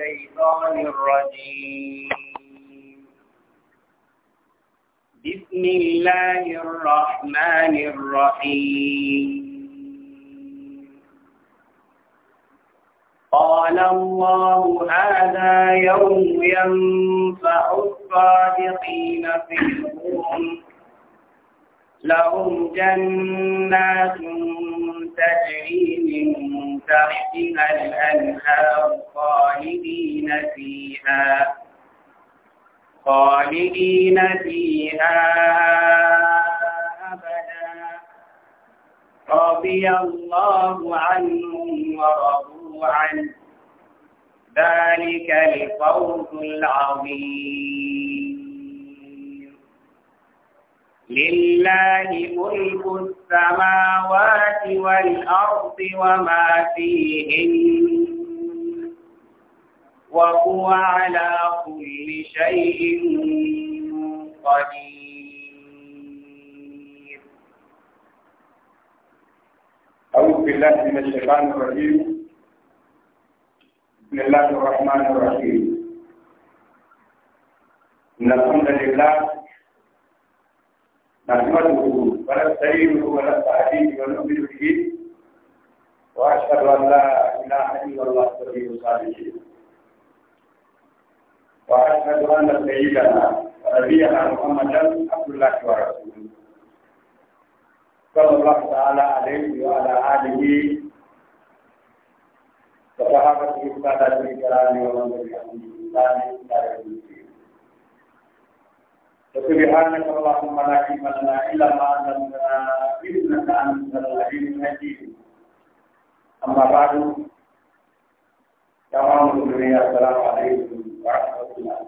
الشيطان الرجيم بسم الله الرحمن الرحيم قال الله هذا يوم ينفع الصادقين في فيهم لهم جنات تجري من تحتها الأنهار خالدين فيها خالدين فيها أبدا رضي الله عنهم ورضوا عنه ذلك الفوز العظيم لله ملك السماوات والأرض وما فيهن وهو على كل شيء قدير أعوذ بالله من الشيطان الرجيم بسم الله الرحمن الرحيم إن الحمد لله نحمده ونستعينه ونستهديه ونؤمن به واشهد ان لا اله الا الله ولي الصالحين واشهد ان سيدنا ونبينا محمدا عبد الله ورسوله صلى الله تعالى عليه وعلى اله وصحابته الساده الكرام ومن تبعهم بإحسان الى يوم الدين وسبحانك اللهم لا علم لنا الا ما علمتنا انك انت العليم الحكيم اما بعد تمام الدنيا السلام عليكم ورحمه الله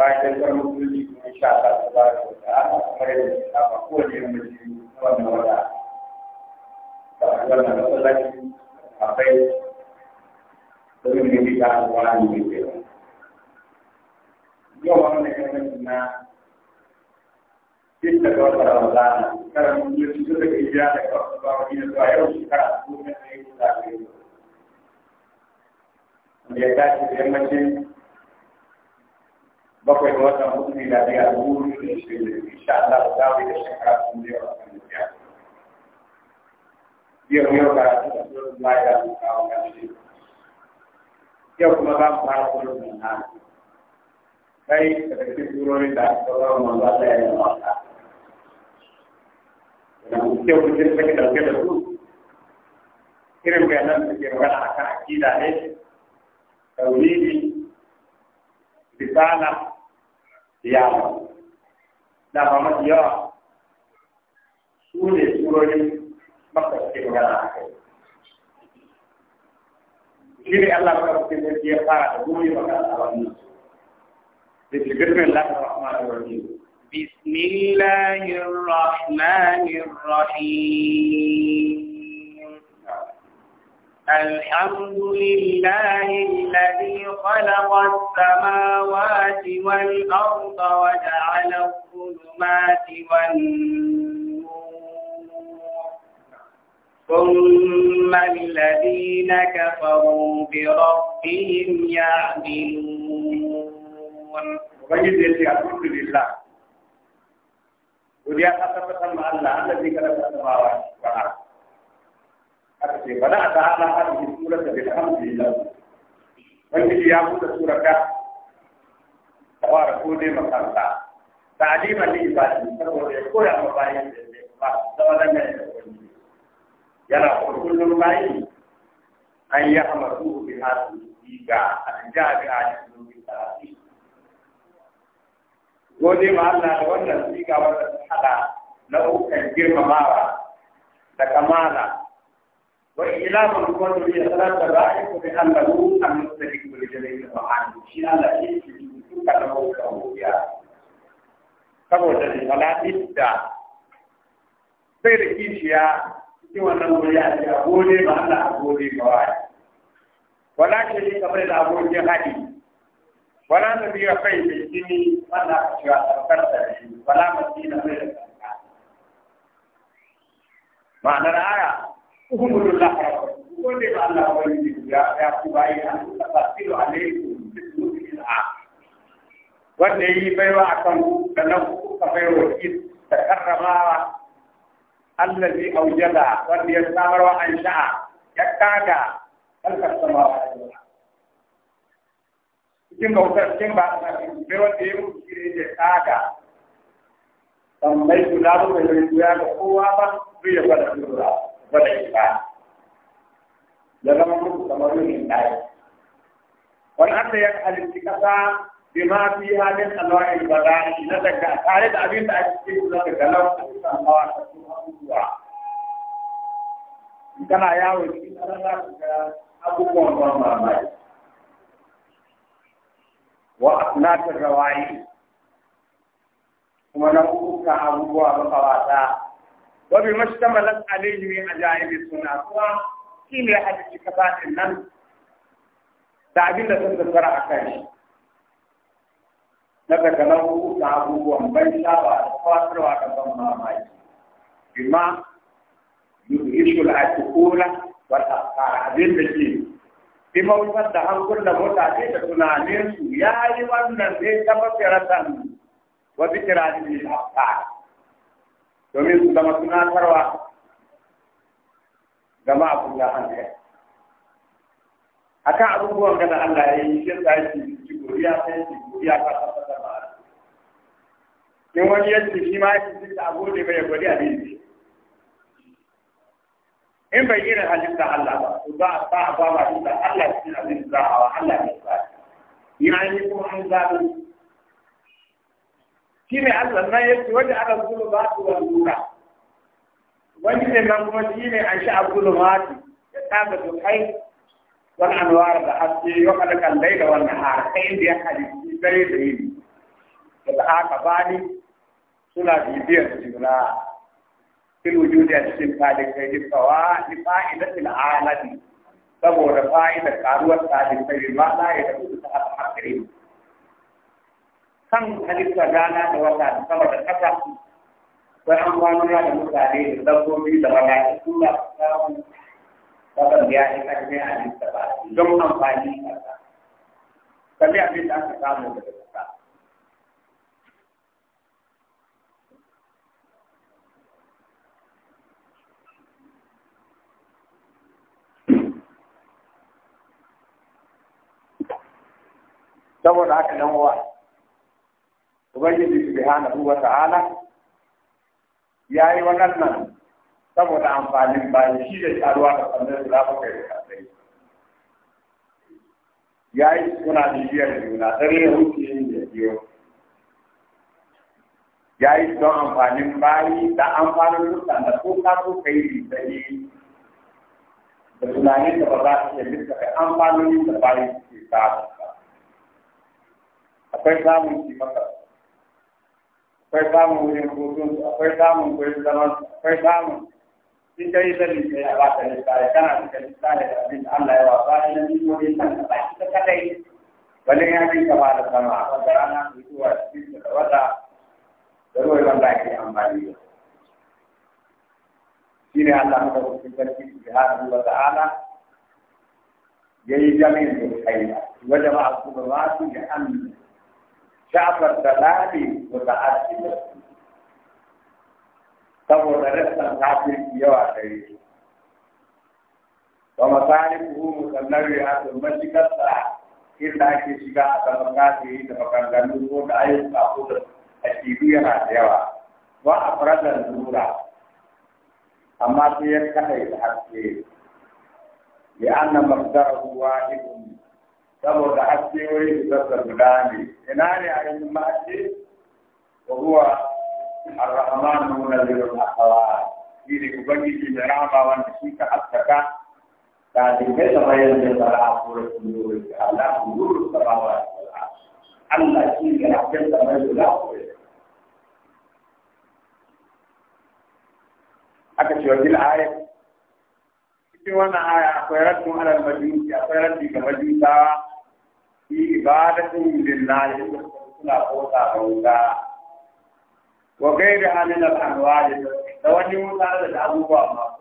bayan da kuma kuma insha ta ba da wata kamar yadda ta ba ko ne mun ji wannan wata ta a masallaci akwai domin ne ta wani ne yau wannan ganin na duk da ga wata ne bakwai yau kuma za mu fara kullum da hali kai daga cikin turorin da aka kawo manzo Allah ya yi maka idan ke kujin take dauke da su irin bayanan da ke magana akan akida ne tauhidi risala yawa da ba mafi yawa su ne turorin maka suke magana a kai shi ne Allah maka suke zai ya fara da gumi magana a wannan بسم الله الرحمن الرحيم الحمد لله الذي خلق السماوات والأرض وجعل الظلمات والنور ثم الذين كفروا بربهم يعملون ubangiji ya ce alhamdulillah godiya ta tabbatar ma Allah Allah a ta da alhamdulillah ubangiji ya buɗe surar ka tawara da yana da gode ma Allah da wannan siga wanda ta hada nau'ukan girmamawa da kamala wa man kwallo ya sanar ra'iku bi annahu bin Allah ku an mutaki ku da jalai da ma'ani shi Allah shi ke duka da nau'ukan wuya saboda ne wala idda sai da kishiya cikin wannan wuya ya a gode ma Allah a gode ma wai wala ce kamar da abokin haɗi ولا نبي خير الجن ولا أشياء تذكرت ولا مسجد غير معنى الآية اعبدوا الله ربكم ولما الله وليه يا كبائي أن تقتل عليكم بالسوء الآخر wanda ya yi baiwa a kan da nan kuka baiwa da karramawa Allah zai aujada wanda ya samarwa an sha'a ya kaga halkar samawa da cikin bautar cikin ba a mai wanda ya mutu shi ne ya tsaka tambayi su na zuwa da ya ga kowa ba zai ya gwada lura gwada ba. ya zama mutu kamar yin ɗaya wani aka ya halitti kasa bi ma fi halin alwa'in bada'i na daga tare da abin da ake cikin da daga lafiya da mawa da kuma abubuwa kana yawo cikin ƙarar abubuwan ban mamaki وأصناف الروائح ونقول أبو وقواتا وبما اشتملت عليه من عجائب السنة وكيل حديث كفاءة النم تعبين تتذكر أكثر daga galau da abubuwan ban sha'awa da fatarwa da ban mamaki bima yuhishul atiqula wal afkar abin da ke bi mawutar da hankulan mutane da tunanin su ya yi wannan sai ta mafiratan wa bikira ne da domin su zama tunatarwa gama abin da an kai akan abubuwan da Allah ya yi shi da shi shi goriya sai shi goriya ka tabbata ba in wani yace shi ma yake ta abu da bai gori a ne in bai irin halitta Allah ba to za a sa a ba ba da Allah cikin abin za a Allah ne ba ina yi kuma an zaɓi shi ne Allah na ya ce wanda aka zulu ba su wa lura wani ne nan kuma shi ne an sha abdulu mati ya tsaga kai wani anwar da haske ya kada kallai dai da wannan har sai da ya halitta dare da yi da aka bani suna bibiyar juna fil wujudi a cikin talibai bi fawa ni fa'idatil alami saboda fa'idar karuwar talibai ma la ya tafi ta al'akari kan halitta rana da wata sama da kasa an gano da mutane da dabbobi da mala'iku da samu wajen ya yi karfi a halitta ba don amfani a ta. Tabi abin da aka samu daga kasa. saboda haka nan uwa ubangiji subhanahu wa ta'ala yi wannan nan saboda amfanin bayan shi da karuwa da sannan da zafa kai da kasai yi suna bibiyar juna dare da wuce yin da biyo yi don amfanin bayi da amfanin dukkan da ko ka ko kai da yi da tunanin da ba za su iya lissafa amfanin da bayi ke samu akwai samun kimaka akwai samun wurin hutun akwai samun wurin zaman akwai samun in ka yi zalin sai a baka littafi kana cika littafi da abin Allah ya wasa ni na nimomi kan ba shi ta kadai wani ya bi kama da sama a wata rana su zuwa cikin da wata da ruwa wanda ake amfani da shi ne Allah maka cikin sarki haɗu wa ta'ala ya yi jami'in da kai ba a kuma ba su ya amina Ja'far da Ali muta'addil saboda restan kafirci yawa gare su wa masalihu mutanawwi'atun mashikarsa inda ake shiga a saman kafiri da makangannu ko da ayyuka ko da akidu yana da yawa a faradar nura amma sai ya kadai da haske na anna masdaruhu ikon saboda haske wuri da zasa guda ne ina ne a yin ma'aji wa huwa ar-rahman munazzilul ahwa shi ne ubangiji mai rama wanda shi ka haskaka ta dinga da bayan da fara a kura kullu da ala kullu samawa Allah shi ne hakkin da mai da aka ce wajen ayat cikin wannan aya akwai raddun alal majusi akwai raddi ga majusawa في عبادتهم لله suna bauta bauta wa gairi halin al'anwari da wani mutane da abubuwa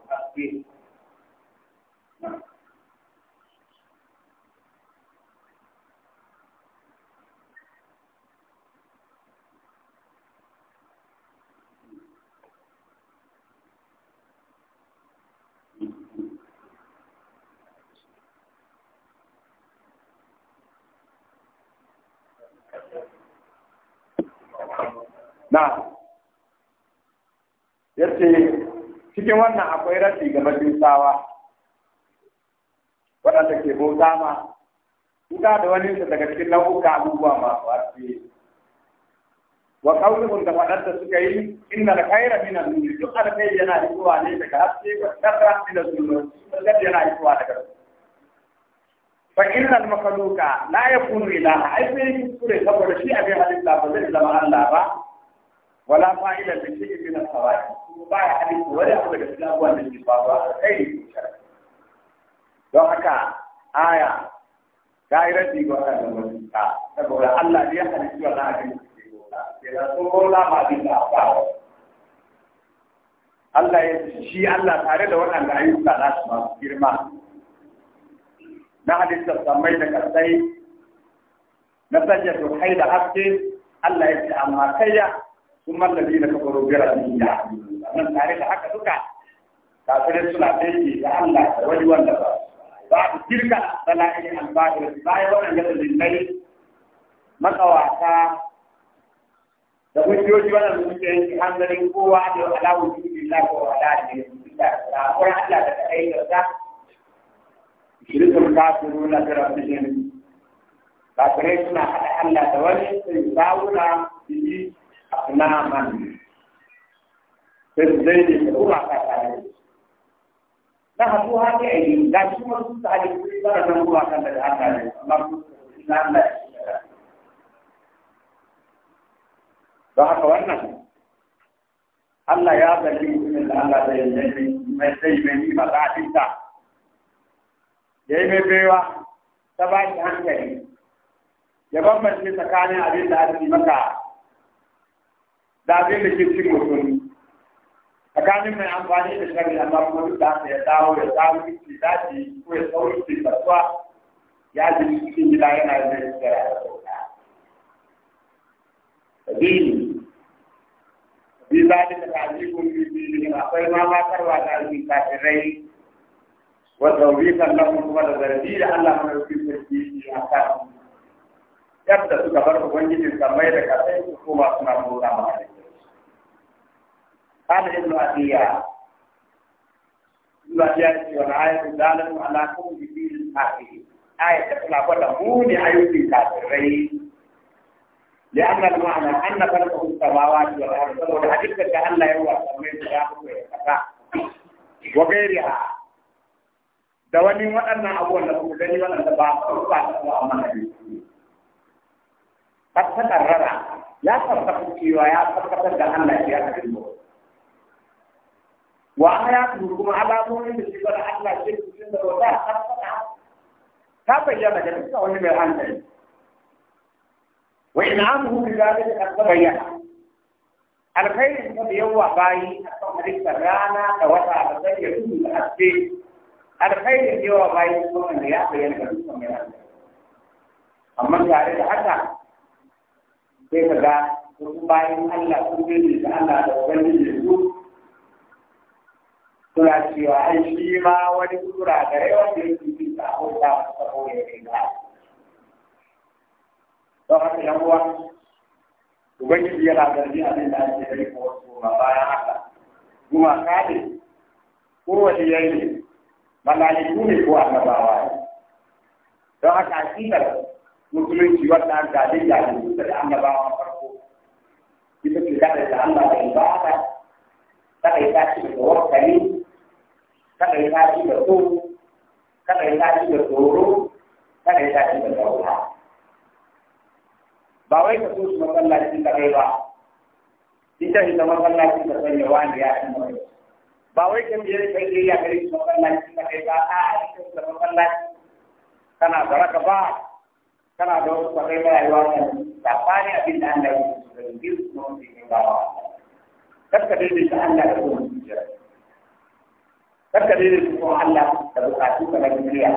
na yace cikin wannan akwai rashi ga majusawa waɗanda ke bauta ma kuka da wani daga cikin nau'uka abubuwa masu arfi wa kauluhum da faɗarta da suka yi inna da khaira min an duk alkhairi yana zuwa ne daga haske wa sharra min az-zulum duk yana zuwa daga fa inna al-makhluqa la yakunu ilaha ai sai kure saboda shi abin halitta ba zai zama Allah ba wala fa'ila da شيء من al-fawaid kuma ba ya hadin abubuwan da ke kai ne aya ga wannan saboda Allah Allah shi Allah tare da waɗanda ayyuka na su girma na samai da kasai na sanya da haske Allah ya ce amma kai kuma allazi na kafaro bira ne ya nan tare da haka duka a suna daidai da Allah da wani wanda ba ba da kirka bala'in al-bahir bayan wannan yadda linnai makawata da hujjoji wannan da suke yin hanzarin kowa da alawu jirgin lafi wa alaɗe da rafuwar Allah da kaɗai da ta na suna haɗa Allah da wani sai aknaman berzaidi seorang kakak Nah, aku hati ini, dan semua susah di kita dan aku akan berhantar. Mampu kesinanda. Bahwa kawan Allah ya beri kita Allah beri kita mesti beri mata kita. Jadi bebawa sebaik hati. Jangan mesti sekali ada di hati mereka. da abin da ke cin mutum tsakanin mai amfani da shari'a amma kuma duk da ya dawo ya dawo ciki daji ko ya sauri ciki kasuwa ya ji cikin gida yana yin da shari'a da sauka. Sabini, bi zaɗi da tajikun bibi akwai ma matarwa da alfin kafirai wata wurikan nan kuma da zargi da Allah mai wuce sarki a kan yadda suka bar ubangijin samai da kasai su koma suna mota ma'aikata. قال ابن عطية ابن عطية والآية دالة على كون بدين الكافرين آية تقول لك مون أيوب الكافرين لأن المعنى أن خلقه السماوات والأرض والحديث كأن لا يوقع من وغيرها da wani waɗannan abubuwan da kuma gani waɗanda ba su ba su ba amma da har ta karrara ya tabbata cewa ya tabbatar da Allah ya karbi mu wa ayatu kuma alamomin da suka da Allah ke cikin da wata ta bayyana da duka wani mai hankali wa in'amuhu bi zalika qad bayyana alkhairin da yawa bayi a kan halittar rana da wata da sai ya tudu da haske alkhairin yawa bayi kuma wanda ya bayyana da duka mai hankali amma tare da haka sai ka ga bayan Allah sun da Allah da ubangiji su suna cewa ai shi ma wani tura da yawan da yake bi ta hauta masa kawai ne ba. Don haka yan uwa, Ubangiji yana zargi abin da ake yi ko wasu ma bayan haka. Kuma kare, kowace yayi ne, malaliku ne ko annabawa ne. Don haka akidar musulunci wanda an gaje gaje da annabawan farko. Ita ce gaje da Allah da ibada, ta kai ta ce da wakali kada ya tashi da tsoro kada ya tashi da tsoro kada ya tashi da tsoro ba wai ka so su masallaci da kai ba ita ita masallaci da sanya wani ya yi mai ba wai kan biyar kai ne ya gari su masallaci da kai ba a ita da masallaci kana da raka ba kana da wasu kwarai na rayuwa ne da fani abin da Allah yi da kuma kaka ne da kuma Allah da bukatu ka na duniya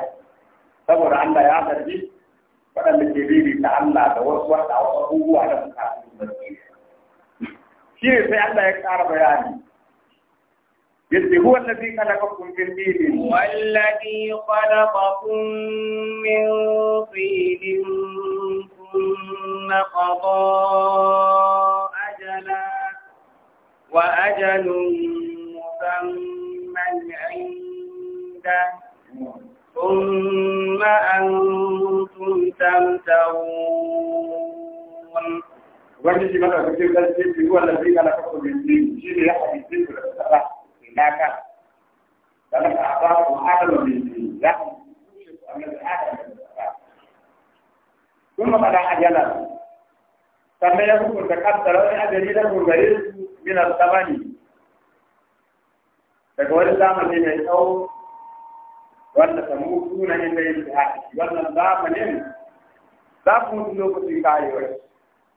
saboda Allah ya zargi waɗanda ke bibi ta Allah da wasu wata wasu abubuwa da bukatu da shi ne sai Allah ya ƙara bayani يدي هو الذي خلقكم من طين والذي خلقكم من طين ثم قضى أجلا وأجل الهدى an أنتم تمترون ubangiji mana da kuke kan ce ruwan da zai kana kafa mai shi ne ya haɗe ji da tsara ina ka dan ka ba ku adam mai ji ya haɗe ku annabi sannan ya hukunta wani da gurgare su min al daga wani zamani mai tsawo wanda ta mutu na inda yin jihadi wannan zamanin za ku mutu lokacin kayewar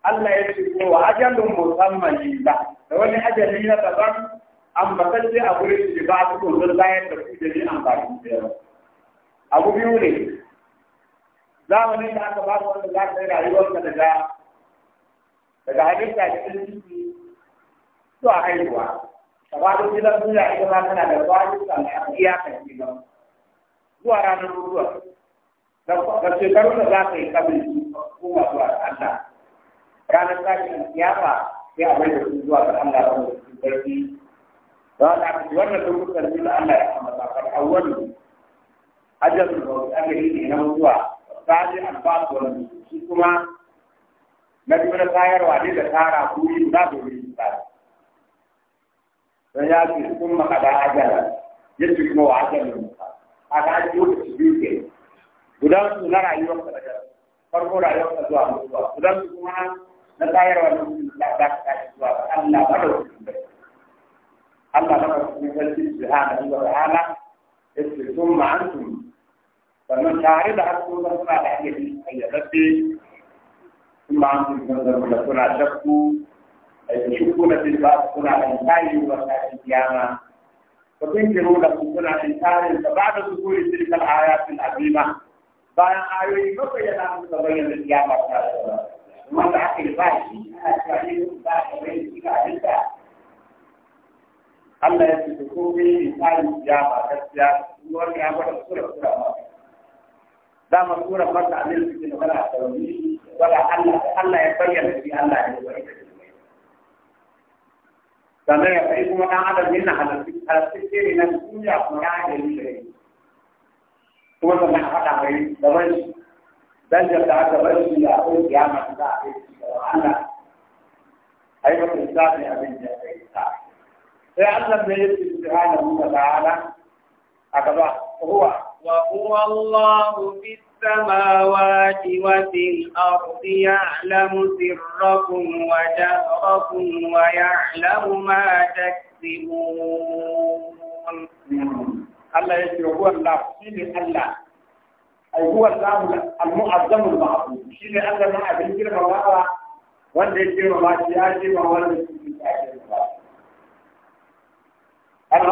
Allah ya ce ko wa ajalun musamman lila da wani ajali na daban ambatacce a gurin shi ba su kun bayan da ku jami amfani da yawa abu biyu ne Za mu ne da aka ba su wanda za ka yi rayuwarka daga daga halitta cikin ciki zuwa haihuwa. Tabarin gidan duniya ita ma tana da kwanin sa a iyakar gidan. zuwa ranar ruwa da shekaru da za ka yi kabin kuma zuwa Allah ranar tashin kiyama sai a bai da su zuwa ta Allah ba mu cikin da wanda aka ji wannan lokutan biyu Allah ya kama zakar awwal ajalul maut aka yi ne na mutuwa sai alfasu wani shi kuma na biyu na tayarwa ne da tara kuri na domin tsari don ya sun kuma a ranar lokaci biyu ke gudan su na rayuwar ka daga farko rayuwar ka zuwa mutuwa gudan su kuma na tsayarwa na mutum da za ka tashi zuwa ga Allah ba da wasu Allah na wasu ne sarki subhanahu wa ta'ala yace sun ma'antum sannan tare da har kuma suna da iya yin ayyadabbe sun ma'antum sun zama suna shakku a yi shakku na bin ba suna da tayi wa tashi kiyama وتنكرون كنا إنكار بعد ظهور تلك الآيات العظيمة بيان آيوي ما بينا أن تبين الإسلام ما تعقل باقي Allah ya fito ko bai misalin siyama gaskiya ruwan ya gwada sura sura ma dama sura mata da suke da wala wala Allah Allah ya bayyana shi Allah ya sannan ya kai kuma ɗan adam yana ne na duniya kuma ya haɗe da kuma sannan a haɗa mai da wani da aka bar shi da akwai kiyama da a da wahala a yi abin da ya kai sai Allah ne ya ce subhanahu ta'ala a gaba هو وهو الله في السماوات وفي الأرض يعلم سركم وجهركم ويعلم ما تكسبون الله يجري هو الله شيل الله أي هو الله المعظم المعظم شيل الله ما أبين كده ما wanda وما kira ba shi ya ce ba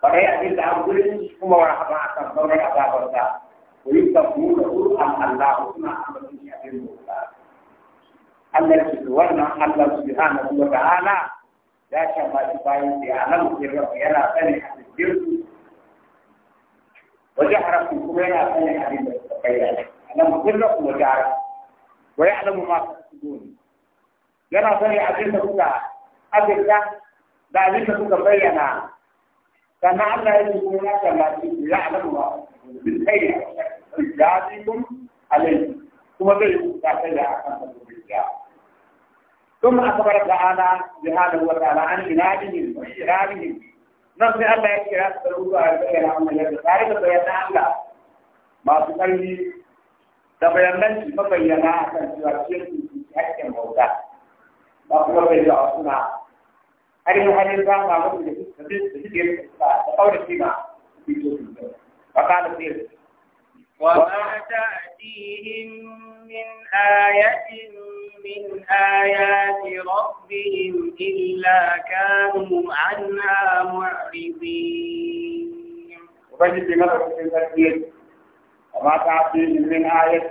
pada yang kita ambil semua orang akan akan mereka ada kota. Kita pun urusan Allah pun akan menjadi yang mulia. Allah Subhanahu Allah Subhanahu Wa Taala. Jadi sama sekali di alam kita tiada apa yang hadir. Wajah harap kumpulan apa yang hadir kepada alam kita kumpulan. Wajah alam masa dunia. Jangan sampai ada yang terluka. Ada yang dah lihat terluka bayangan. فما الله يكون الذي يعلم الله بالخير ويجازيكم عليه ثم بيقول تعالى عن ثم أخبر تعالى سبحانه وتعالى عن علاجهم وإشرارهم نفس الله يكرر سلوك أهل من يتعرف بيان الله ما تصلي تبيان ما بيانا كان في حق الموتى ما هو بيان أصنع har yi hannun samun abin da su da su ke da وما تأتيهم من آية من آيات ربهم إلا كانوا عنها معرضين. وبجد مثلا في وما تأتيهم من آية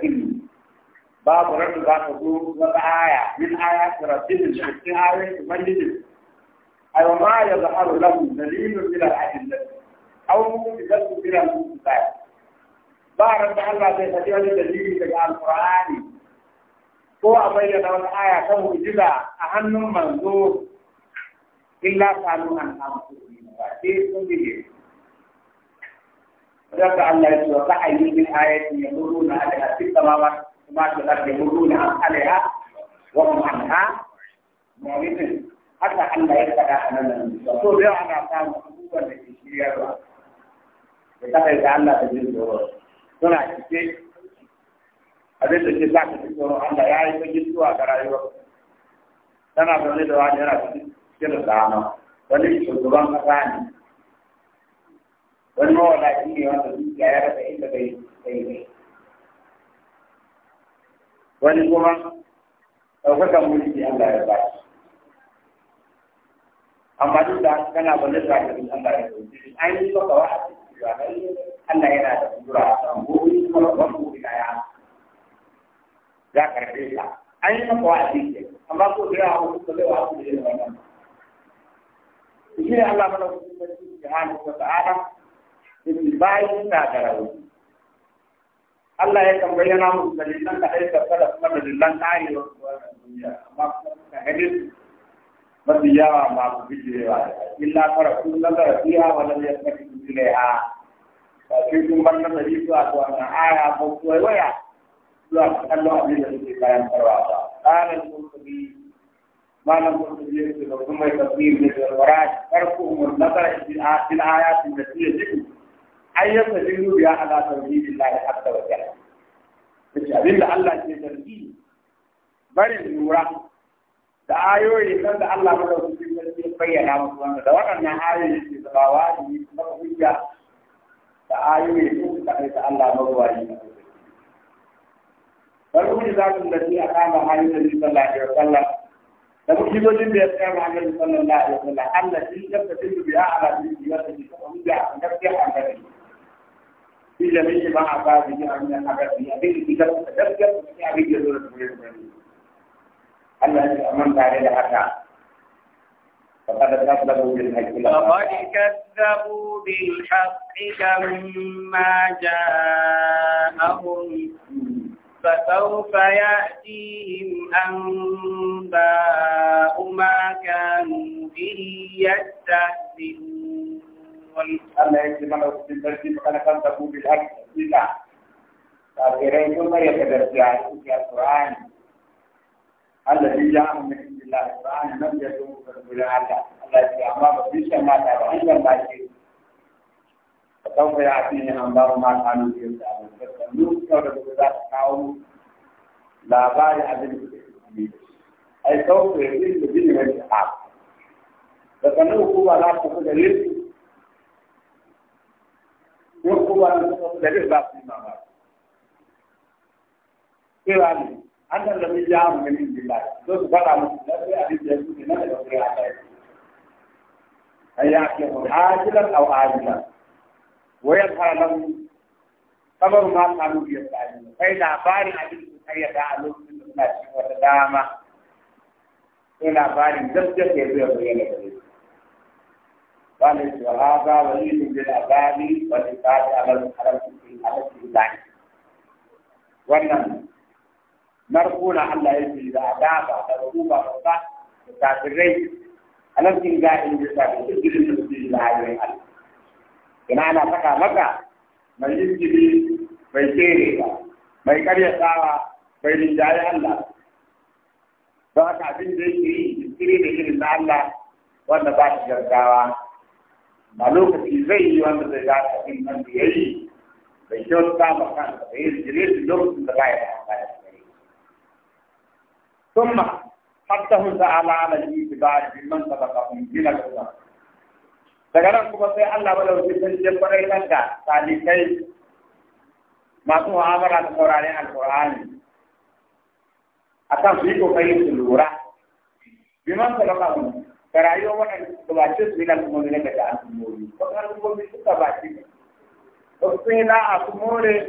باب رد ذات من آية من آيات ربهم من آية مجلس أو ما يظهر له دليل من الأدلة أو مكتسب من المكتسبات بعد أن الله يستطيع الدليل في القرآن هو أبين أن الآية جدا أهم منظور إلا قالوا أن أنفسهم وأتيت به ذكر الله يسوع من آية يمرون عليها في السماوات وما في الأرض يمرون عليها وهم عنها معرضون haka Allah ya faɗa a nan da so da yawa ana samun abubuwan da ke shiryarwa da kada da Allah da jin tsoro suna cike abin da ke sa ka ji tsoron Allah ya yi ta gittuwa ga rayuwar tana zaune da wani yana cikin da dama wani shugaban kasa ne wani mawalaci ne wanda zuciya ya rasa inda bai kai ne wani kuma ɗaukakan mulki Allah ya ba shi amma duk da kana wani zakarin Allah ya dauke an yi maka wa'azi cewa Allah yana da kudura a kan gobe kuma wannan gobe ya za ka ka an yi maka wa'azi ke amma ko da yawa ko da yawa ko da yawa shi Allah mana kuma subhanahu wa ta'ala in bayin da garawo Allah ya kan bayyana mu dalilan da aikata da kuma dalilan karewa wannan duniya amma kuma ka hadisi mafi yawa masu bijirewa illa fara kun nazara fiha wa lam yasmaki ilaiha ba sai kun bar nazari zuwa ga wannan aya ko kuwa waya zuwa ga kallon abin da suke bayan farwa ba tsarin kurkuri malam kurkuri ya ce da kuma tafsir da zarwara farko umar nazara fil ayatin da suke jiku ayyuka jiru ya ala Allah ke zargi barin lura da ayoyi nan da Allah madaukakin sarki ya bayyana musu wanda da waɗannan ayoyi ke zama wajibi kuma hujja da ayoyi sun suka kai ta Allah mabuwayi bari kuma za ku da a kama hanyar da sallallahu alaihi sallah, da mukibojin da ya kama hanyar da sallallahu alaihi Allah shi ya tafi biya ala biyu ya tafi hujja a gaskiya a gari a جميع ما أصاب به أن أبدا في أبيه كتاب تدرج في أبيه جزء من Allah ya ce amman tare da haka فقد كذبوا بالحق فقد كذبوا بالحق لما جاءهم فسوف يأتيهم أنباء ما كانوا به يستهزئون الله يجمع في البرد فقد كذبوا بالحق لله فقد كذبوا بالحق لله القرآن الذي جاء من عند الله سبحانه لم يكن رسول الذي أمر في السماء وعند الله فسوف يأتيهم أنبار ما كانوا يزعمون فاستنوك كون بذات قوم لا بايع بالمسلمين أي سوف يزيد بدين والإسحاق فاستنوك هو لا تقول لك يقوى أن تقول لك باقي ما باقي إيه an nan da mun ja mu ganin billahi zo su faɗa musu da sai abin da yake nan da kure a kai ayya ke hajilan aw ajilan wa yadhara lahum kamar ma kanu bi yasalin kai labarin abin da kai da a lokacin da suna cikin wata dama sai labarin gaskiya ke zuwa bayyana gare su قال وهذا وليد بالعذاب والإقامة على على الإنسان. Wannan. narkuna Allah ya ce da adaba da ruba da ba da kafirai anan kin ga in da da cikin da su da hayoyin Allah ina ana saka maka mai injili bai kere ba mai sawa bai rinjaye Allah Ba ka abin da yake yi jinkiri da irin na Allah wanda ba shi gaggawa a lokaci zai yi wanda zai ga abin nan da ya yi bai ta ma kansa da ya jire lokacin da ba ya da ثم حثه تعالى على الاتباع بمن سبقهم من الهدى daga nan kuma sai Allah ba da wajen jabbarai nan da talibai masu mu'amala da sauraren alkur'ani a kan su yi kokari su lura biman salaka mu da rayuwar waɗanda suka bace su yana kuma ne daga al'ummomi ko al'ummomi suka bace su sun yi la'a su more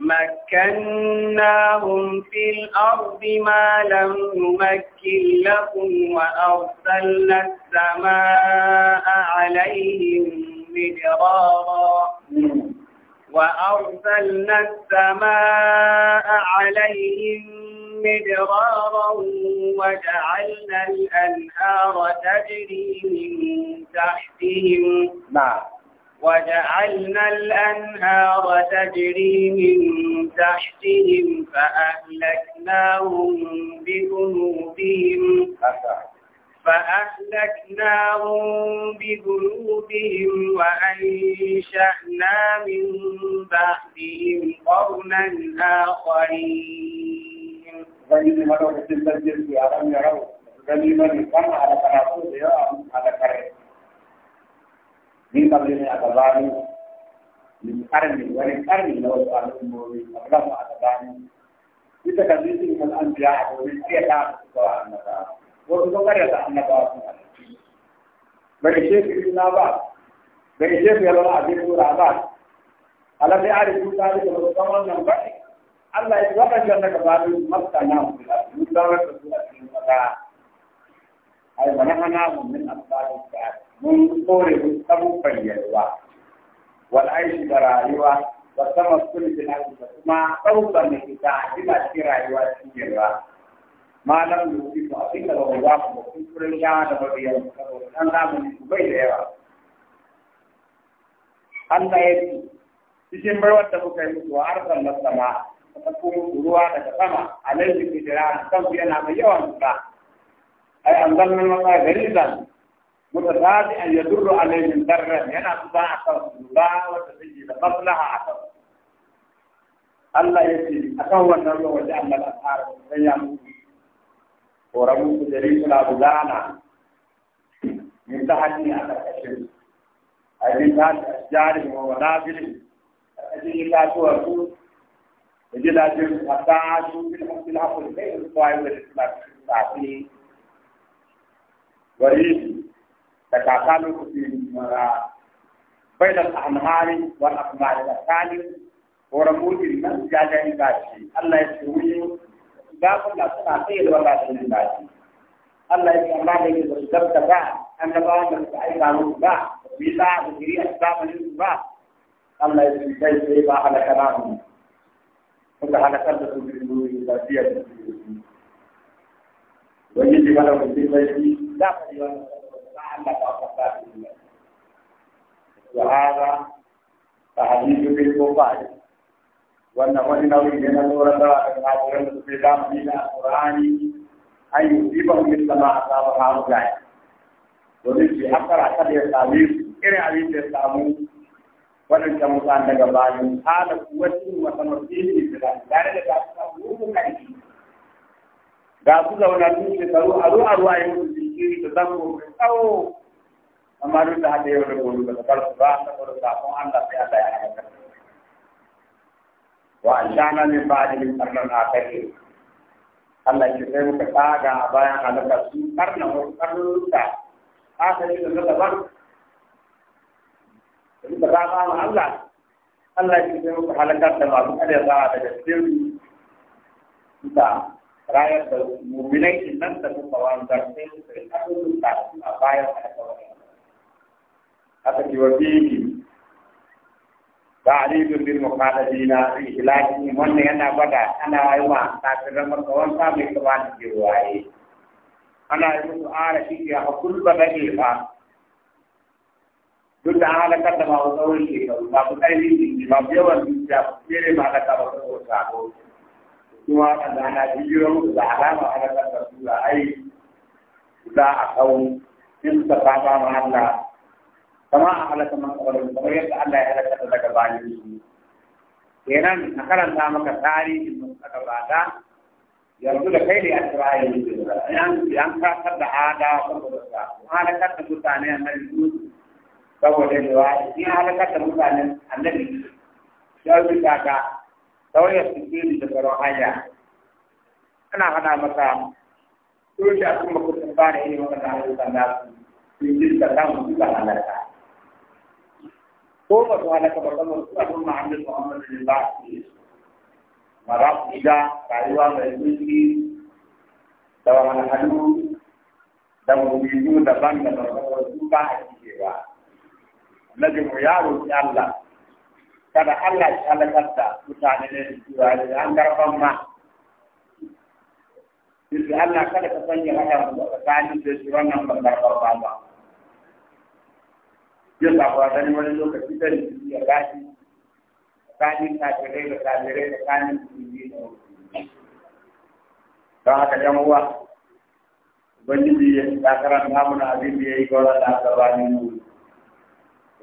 مكناهم في الأرض ما لم نمكن لكم وأرسلنا السماء عليهم مدرارا وأرسلنا السماء عليهم مدرارا وجعلنا الأنهار تجري من تحتهم نعم وجعلنا الأنهار تجري من تحتهم فأهلكناهم بذنوبهم فأهلكناهم بذنوبهم وأنشأنا من بعدهم قرنا آخرين. على min kabli ne a min karni wani karni na a gaba a gabani ita ka zai sun kan an biya a gobe sai ta su kawo annaba ta annaba sun halittu na ba bai shefi ya zama abin tura ba alamai a rikin ta rike ba ba Allah ya zaba shi wannan gabanin masta na mu mun zama da su a cikin kasa ai mana hana mu min mun kore mun abubuwan yalwa wal aishi da rayuwa wa sama kulli bin da kuma abubuwan da ke ta jima cikin rayuwa cikin yalwa malam yusi ko abin da ba ba ko kun kuren ya da ba ya ko dan zamani bai da yawa Allah ya ce cikin barwar da muka yi musu wa arzan na sama ta kuma ruwa daga sama alaihi bidira kan yana mai yawan sa ai an zan zanna maka garizan أن يدر عليهم ذرا ينا تباع الله وتسجيل مصلحة عقل الله يسير أكون النبي وجعل الأسعار والسيام ورموك جريس الأبدانا من تحتني على الشمس أي من تحت أشجارهم ومنابلهم أجل الله توأسوه يجل أجل حتى عاشوا في الحق الحق الخير الصائب للإسلام التعطيل وريد تتعامل في بين الأعمال والأقمال الثاني ورموز الناس جاجا إباشي الله يسوي باب لا تنعطيه ولا تنعطيه الله يسمى لك الزبط باع أن بعض الأعيب عنه باع وبيلا وجري أسباب الإنسباع الله يسمى لك على كلامه وده على كلمة بالنور الذاتية ويجب على كل شيء لا فريق أنك أصبحت ne وهذا تحديث بالكفار وأن وإن أريدنا سورة الكافرين في دام من القرآن أن يصيبهم مثل ما أصاب هؤلاء domin su hakar a kada ya same su irin abin da ya samu waɗanda mutane daga bayan hala kuwatin wata masiri da da tare da ta samu rukun kai ga su zauna su shekaru a ruwa ruwa yin da zango mai tsawo amma duk da haka yau da gobe ba ta bar su ba Allah sai Allah ya wa ashana min ba'di min akhir Allah ya sai muka tsaga a bayan halaka su da na daban da ma Allah Allah ya sai muka halaka da za daga sirri ta rakyat memilih senang tentu kawan kartel satu tuntas apa yang ada kawan kata jiwa bini Bali bin Muhammad bin Ali hilang ini mohon dengan apa dah anda ayuh tak pernah berkawan kami kawan jiwa ini anda ayuh ada sih dia hukum bagi apa Duta ala kata mahu tahu ini, kalau tak putih ini, mampu yang berbicara, kiri mahala kata mahu tahu ini. kuma da na bijiran da alama a nan da su da ai za a kawo in ta fafa ma Allah kama a halaka man kabarin kamar yadda Allah ya halaka da daga bayan su kenan na karanta maka tarihin mun saka bata, yanzu da kai ne a Isra'ila an kasar da ada saboda sa halakar da mutane a annabi Yusuf saboda yawa in halakar da mutane a annabi Yusuf sai ka ga ta wayar sirri da tsaron hanya ana hana masa dole a kuma kusan ba da irin wannan ayyukan nasu yin jirka samun suka halarta ko ba su halaka ba saboda suna bin ma'amalin ne ba su yi ma za su shiga rayuwa mai zurfi da wahalhalu da mubiyu daban da ba su ba a cike ba. Nabi mu ya roƙi Allah kada Allah ya halakar da mutane ne da cewa da an garfan ma Yanzu Allah kada ka sanya haka mu tsakanin da shi wannan ban garfan ba ba. Yau ta kuwa gani wani lokaci da ni ya gashi tsakanin kafirai da kafirai tsakanin musulmi da musulmi. Don haka jan uwa Ubangiji ya takarar namuna abin da ya yi gwamnati a gabanin mu.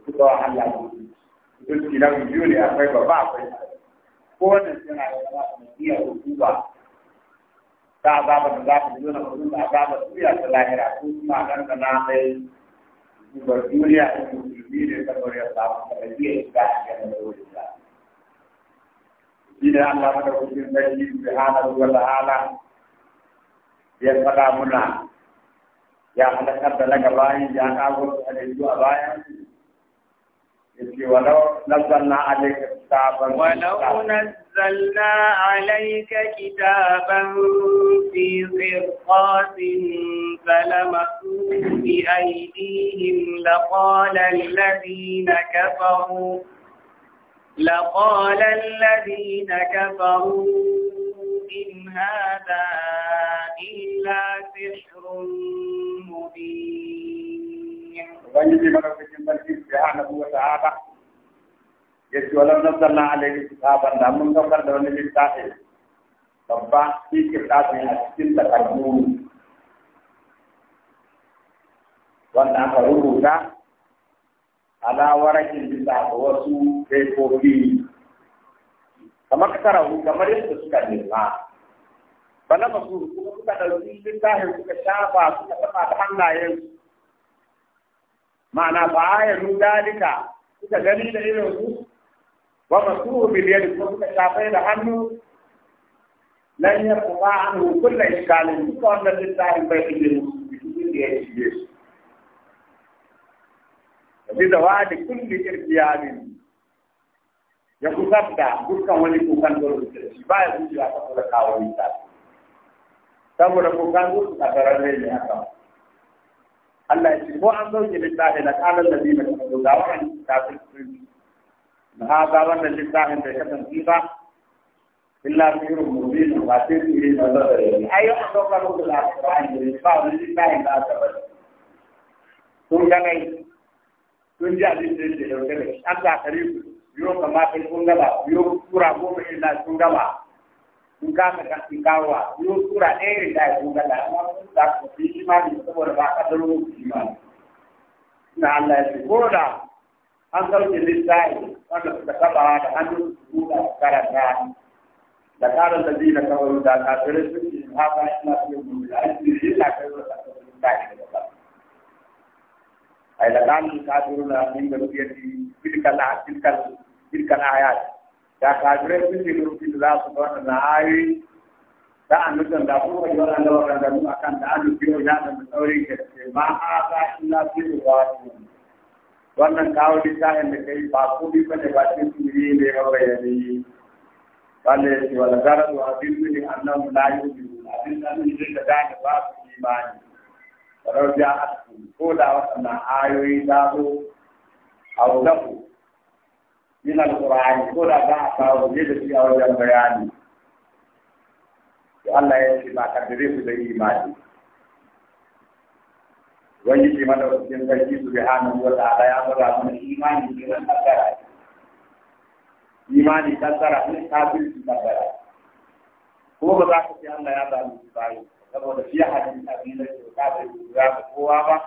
Kuka wa Allah dukki na biyu ne akwai babba akwai ko wannan suna da zama a ta azaba da duniya ta lahira ko kuma dan da na ya samu da a cikin ya halakar da ya ولو نزلنا عليك كتابا في قرطاس فلمسوه بأيديهم لقال الذين كفروا لقال الذين كفروا إن هذا إلا سحر مبين ubangiji madaukakin sarki subhanahu wa ta'ala ya ce walam nazzalna alayhi kitaban da mun saukar da wani littafi babba shi kitabin a cikin takardu wanda aka rubuta ala warakin bisa ga wasu kaifofi kamar karahu kamar yadda suka nema bala masu kuma suka ɗauki littafin suka shafa suka taɓa da hannayensu ma'ana fa ayanu dalika suka gani da irin su wa masuhu bil yadi kuma suka shafai da hannu lan yakuba anhu kullu iskalin duka wannan littafin bai fiye musu cikin da ya shige su bi da wadi kulli irtiyamin ya kusar wani ba ya kula ne الله يجب أن يكون لله لك على الذي يكون دعوة كافر كريم نها دعوة لله لك تنسيبا إلا خير مبين وغاتير في رئيس الله أي أيوة، أحضر الله في الآخرة عن رئيس فعل لله لا تبدأ ويقول لك أنها تتحرك ويقول لك أنها تتحرك ويقول لك أنها تتحرك nka ka kawa yo kura ɗaya da ku ga da amma ku ta ku yi imani saboda ba ka da ruwan imani na Allah ya ko da an sauke lissafi wanda suka taba da hannun su da karanta da karin da na da kawai da kafirai su ke haka ina su yi gudu da aiki da yin lafiya da kasa da yin da kasa ai da kanin na min da rubiyar tilkal da kafirai sun ce lokacin da za su fara na ayoyi da annabin da kuma yi wannan lawaran da akan da annabi ya da tsaurin ke ma a ga ba fi ne. wannan kawo littafin da kai ba ko bi bane ba ce su yi ne Ba bayani wanda ya ce wala garadu su ne yi su yubi abin da ne da da ba su yi ba ne. imani ولو جاءتكم كودا وأن آيوي a أو ku. min alqur'ani ko da za a kawo ne da shi a wajen bayani to Allah ya ce ba kaddare su da imani wani ce mana wajen sarki su bi hannun wata ala ya fara mana imani ne na ko ba za ka ce Allah ya saboda shi hadin abin da ke kafirci za ka kowa ba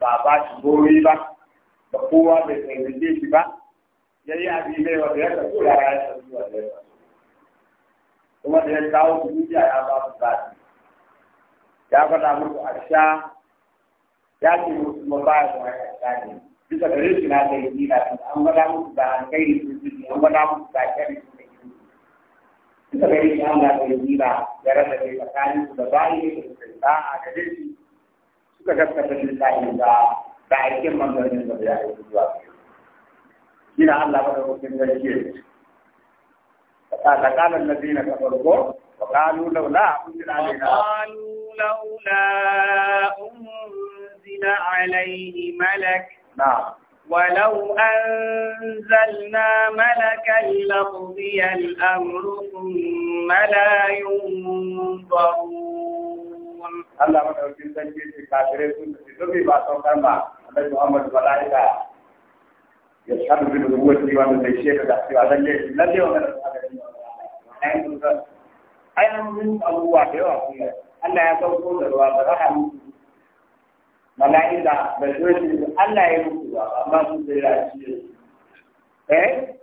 ba ba shi gobe ba ba kowa bai tsaye shi ba Yayi yi abinai wanda ya tafi ya tafi wanda ya tafi da ya kawo duniya ya ba su zaɓi ya faɗa musu a ya ce musu ma ba ya kuma ya sha ne bisa da rikin na da yi na an faɗa musu da alkairi sun ji an faɗa da bisa da rikin an da yi na ya rasa da tsakanin su da bayi da a suka gaskata da da aikin manzannin da ya yi zuwa shine Allah madaukakin sarki ya فقال الذين كفروا وقالوا لولا أنزل علينا وقالوا لولا أنزل عليه ملك نعم ولو أنزلنا ملكا لقضي الأمر ثم لا ينظرون الله ما تقول كافرين سنة سنة باتوا كما محمد ملائكة يشهد بنبوة ديوان زي شيخ تحت وعد الليل لا ديوان من أي من من أبو واحد يوحي ألا يكون قول الواقع رحم ملائكة بشوية ألا يكون قول ما سنت إلى الشيء إيه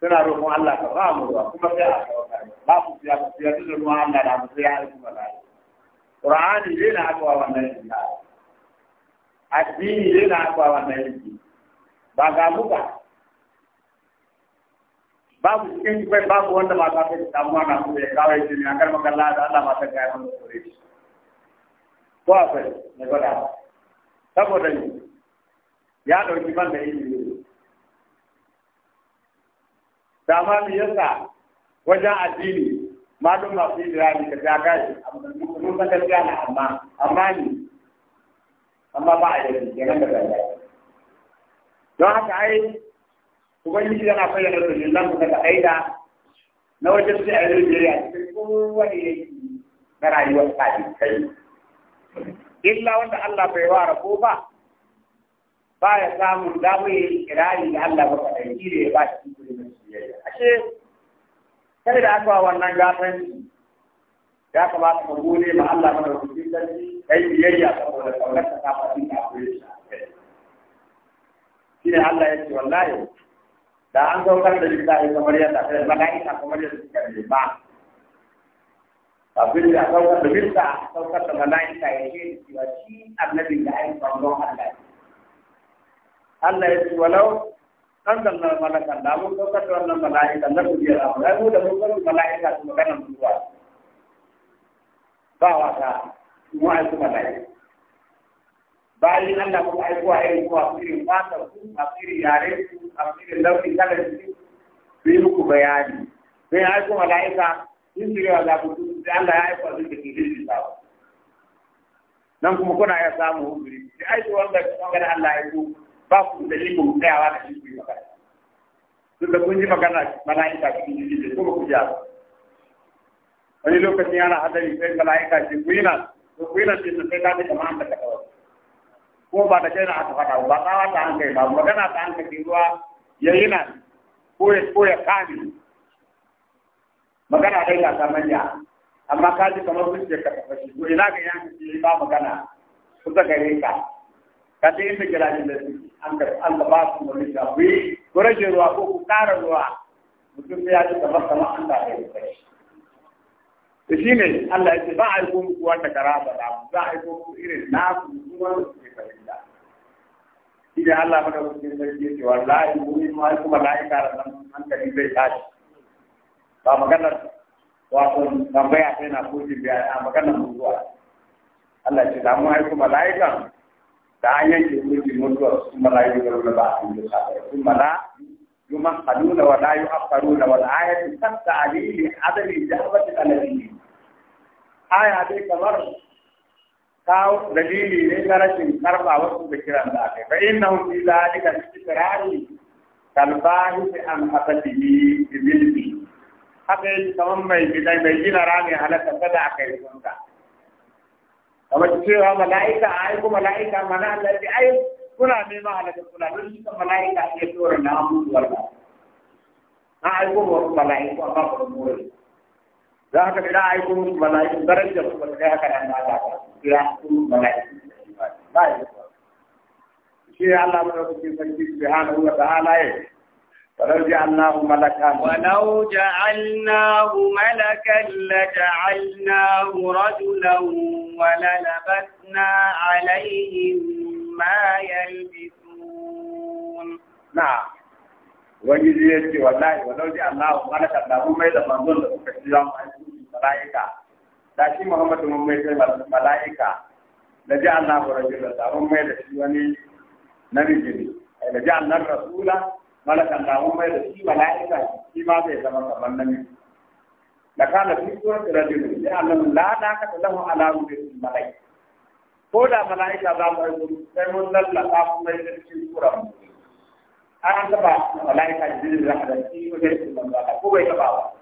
سنة روح الله كرام الله كما في ما سنت إلى الشيء سنة روح الله كرام الله كما في قرآن يجينا أقوى من الله الدين يجينا أقوى من الله ba ga muka ba babu cikin kai babu wanda ba ta fi damuwa na kuma ya kawo yake ne a kar makalla da Allah ba ta gaya mana kore shi ko ne na da saboda ni ya dauki ban da da ma mi yasa wajen addini ma ma don malum masu ni ka ga shi amma mun san gaskiya na amma amma ni amma ba a yi da gaskiya da gaskiya don haka ai ubangiji yana fayyana dalilan daga aida na wajen sai a Najeriya cikin kowane yanki na rayuwar kai. illa wanda Allah bai wa rabo ba ba ya samun damar yin kirari da Allah ba kaɗai shi ne ba shi kuri na soyayya ashe kai da aka wannan gafan ya kamata ka gode ma Allah mana rubutu kai biyayya saboda kaunar ta ta faɗi da akwai shi ne Allah ya wallahi da an saukar da littafi kamar yadda da mala'ika kamar yadda suka ne ba abin da saukar da bisa saukar da mala'ika ya cewa shi annabin da ai bangon Allah Allah ya walau an zallar malakan da mun saukar da wannan mala'ika na kuje da mu ai mu da mala'ika su magana zuwa ba wata mu ai su mala'ika bayan Allah kuma aiko a irin kuma asirin fata ku asirin yare ku asirin launin kalar su su yi muku bayani sai ya aiko mala'ika sun shirya wa zaɓutu sai Allah ya aiko abin da ke jirgin sawa nan kuma kuna ya samu huzuri da aiki wanda kan Allah ya ku ba ku da shi ku tsayawa wata shi ku yi magana duk da kun ji magana mala'ika cikin jirgin kuma ku ja wani lokacin yana hadari sai mala'ika ce ku yi nan ku yi nan sai ta fi kamar da kawai ko ba da kai na aka faɗa ba tsawa ta hankali ba magana ta hankali ruwa ya yi nan ko ya ko ya kani magana dai ga ta manya amma ka ji kamar kun ce ka fashi ko ina ga yanka ce ba magana ta gare ka ka ta inda gidajen da su an ka an ka ba su mulki da bi ko rage ruwa ko ku ƙara ruwa mutum ya ji kamar kamar an ta kai da shi ne Allah ya ce ba a yi kuma muku wanda karaba da za a yi kuma muku irin naku kuma farilla Allah maka mutum da yake cewa wallahi da nan zai tashi ba maganar wato tambaya sai na kojin biya a maganar mutuwa Allah da mu da ba a yi da sun mala yuman wa la wal adali aya kamar kawo dalili ne na rashin karba wasu da kiran da aka yi fa inna hum fi zalika fi kirari kalbahi fi an hasadihi bi bilbi haka yi kamar mai bidai mai gina rami halatta kada aka yi sunka kamar cewa mala'ika ai kuma mala'ika mana Allah ya ai kuna neman halatta kuna don shi mala'ika ya tura na mutuwar ba A aiko wa mala'iku amma ba mu don haka ولو جعلناه ملكا ولو جعلناه ملكا لجعلناه رجلا وللبسنا عليهم ما يلبسون نعم وجزيتي والله ولو جعلناه ملكا لهم ما يلبسون mala'ika da shi Muhammadu mun mai mala'ika da ji Allah wa rajula da mun mai da shi wani namiji ne da ji Allah rasula malakan da mun mai da shi mala'ika shi ma zai zama kamar namiji da kana fi da rajul da Allah la da lahu ala rubil mala'ika ko da mala'ika za mu aiko sai mun lallaka mun mai da shi kuran an taba mala'ika jirgin da hadisi ko da ko bai taba ba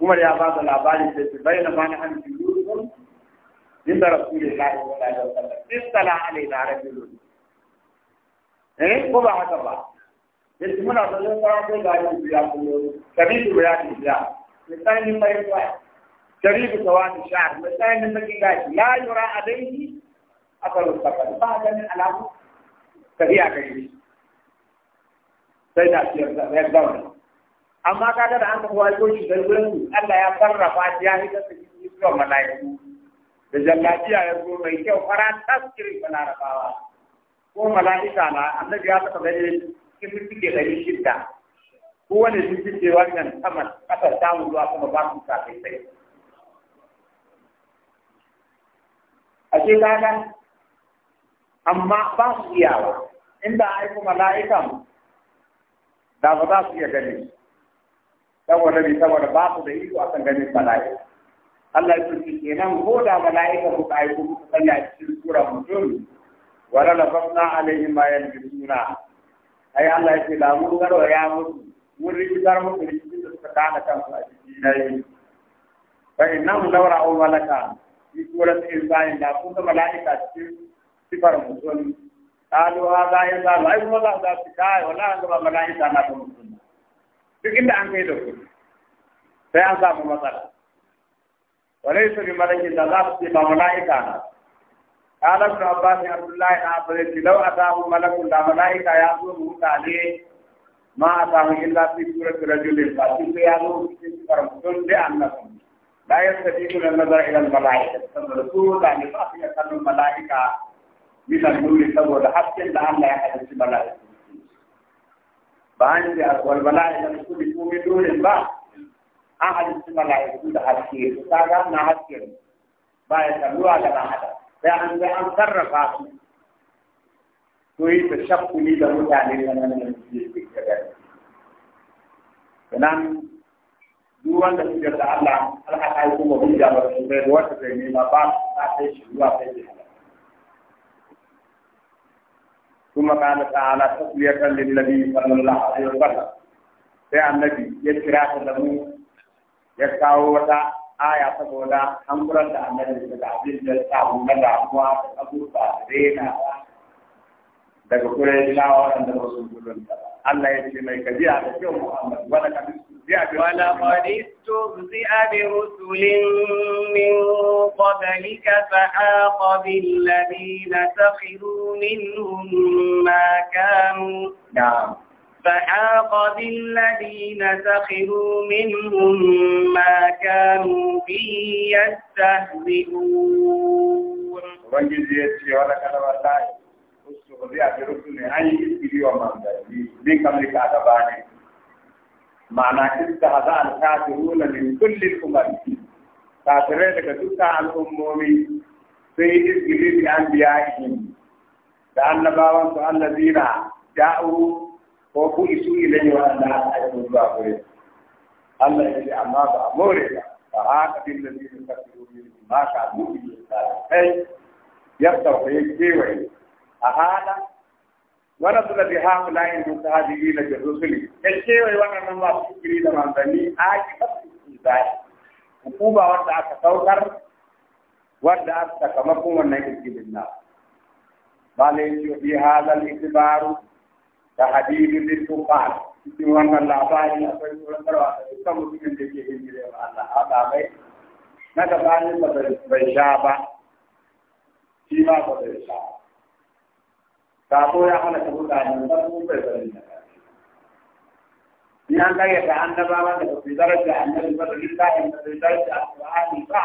Umar ya ba da labarin da su bayyana ma na hannu yurubun inda Rasulullahi sallallahu alaihi wasallam istala alaina rajulun eh ko ba haka ba yanzu muna da zan fara ko da shi biya kullu kabi su ya ci biya misalin mai ba karibu tawani sha'ar misalin mai gashi shi, yura alaihi akalu sakal ba ganin alamu kabi a kai sai da shi ya zauna amma kaga da an ka kowa ko shi gargurin su Allah ya sarrafa shi ya hita su cikin mala'iku da jallabiya ya zo mai kyau fara tasirin balarabawa ko mala'ika na annabi ya taɓa gani cikin suke ɗari shidda ko wani sun fice wannan saman ƙasar samun ruwa kuma ba su kafin sai a ce kaga amma ba su iyawa inda aiko mala'ikan da ba za su iya gani saboda bi saboda ba su da iko akan ganin bala'i? Allah ya ce kenan ko da mala'ika ku kai ku sanya a cikin sura mutum wala lafafna alaihim ma yalbisuna ai Allah ya ce da mun garo ya mutu mun rikitar mutu rikitar da suka kana kansu a cikin nayi fa innahum law ra'u malaka fi Ta insani da kun ga mala'ika cikin sifar mutum قالوا هذا يزال أي ملا ذا سكاي ولا أنظر ملائكة mutum. duk inda an da ku sai an samu matsala walai su bi malaki za su ce ba malaika na qala ya abdullahi na abdul ji law atahu malaku da malaika ya zo mu tale ma atahu illa fi surati rajulin fa shi ya zo shi ce kar mutun da annabi la yastatiru an nazara ila al malaika sallallahu alaihi wa sallam malaika bisa nuri saboda hakkin da Allah ya hadisi malaika ba an ce akwai bala'i da su da komai dole ba an halittu mala'iku da haske su kaga na haske ba ya kalluwa da ɗan adam sai an ga an sarrafa su to yi ta shakkuli da mutane da nan da su ke gari sannan duk wanda su da Allah Allah alhaka yi kuma hujja ba su da wata zai nema ba a kai shi zuwa kai ثم قال تعالى تسلية للنبي صلى الله عليه وسلم sai annabi ya kira ta da mu ya kawo wata aya saboda hankulan da annabi daga abin da ya na damuwa da abubuwa rena daga kurai shawa waɗanda ba su Allah ya ce mai gajiya da kyau Muhammad ولقد استهزئ برسل من قبلك فحاق بالذين سخروا منهم ما كانوا نعم فحاق بالذين سخروا منهم ما كانوا به يستهزئون. ubangiji ya ce wani kalmar lahi, su ku zai a birnin ne an yi iri ma'ana iska haza al-kafiruna min kulli umar kafirai daga dukkan al'ummomi sun yi izgili bi an biya da annabawan su allazina da'u ko ku isu ilayhi wa anna ayyuhu ba kure Allah ya ce amma ba a more ba fa haka bil ka kafiru min ma ka mu'minu sai yafta wa yakewa a hada ورسل بهؤلاء المتهاجرين بالرسل الشيء وانا ما فكري لما بني آتي فتح hukuma wanda aka saukar wanda aka sakamakon wannan ikilin na ba la yi fi halal itibaru da hadidu lil tufal cikin wannan labari akwai tsoratarwa da dukkan mutumin da ke hijire wa Allah haka bai na gabanin ba bai sha ba shi ma ba bai sha sako ya hana ta buɗa ne ba mu bai bari da ni an kare ta annabawa da su daraja annabi ba da lillahi da su daraja alqur'ani ba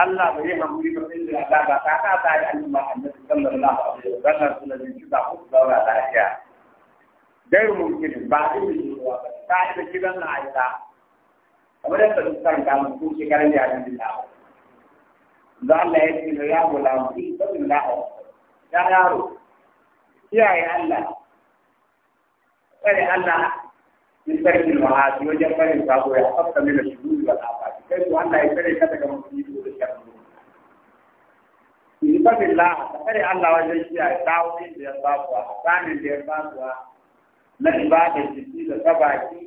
Allah bai yi hankali ba da Allah ba ta ka ta yi annabi annabi sallallahu alaihi wa sallam su da jin da ku daura lafiya dai mumkin ba din yi ta yi da kidan na aita kamar ya ya yaro kiyaye Allah tsare Allah min sarkin ma'asi wajen barin sabo ya hafta mina shuru da afati kai ko Allah ya tsare ka daga musulmi da shi a sharri in fadin la tsare Allah wajen kiyaye dawoyi da ya babuwa tsanin da ya sabuwa, na ba da jiki da sabaki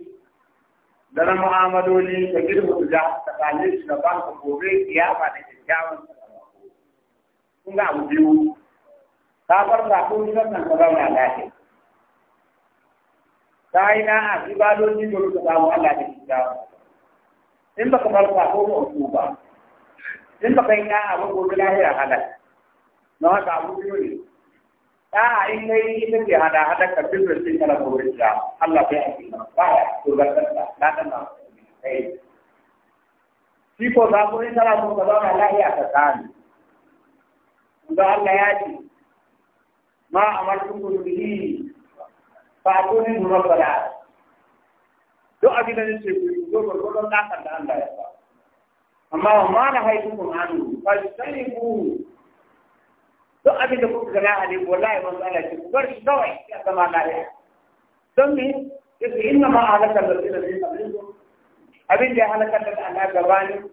da na mu'amaloli da girma da tsakanin shi da ba gobe kiyama da kyakkyawan kun ga abu biyu ka bar sako nan ka zauna lafiya ta yi na a ibadojin da ruka Allah da shi in baka bar sako ba ku ba in ba kai na abu gobe lafiya halal na haka abu biyu ne ta a in kai ita ce hada hada ka fi birtin kala gobe da Allah bai aiki ba ya to ga kanta na dan ba kai eh. shi ko sako in kana so ka zauna lafiya ka sani da Allah ya ce ما أمرتكم به فأتوني مربلا دو أبي نجد سيكون دو بربلا لا قد أن لا يفعل amma ma na haifukun hannu ba su sani ku duk abin da kuka gana a ne wallahi man tsala ce ku bar shi kawai ya zama lafiya don me yake inna ma halaka da zai da ya halaka da ga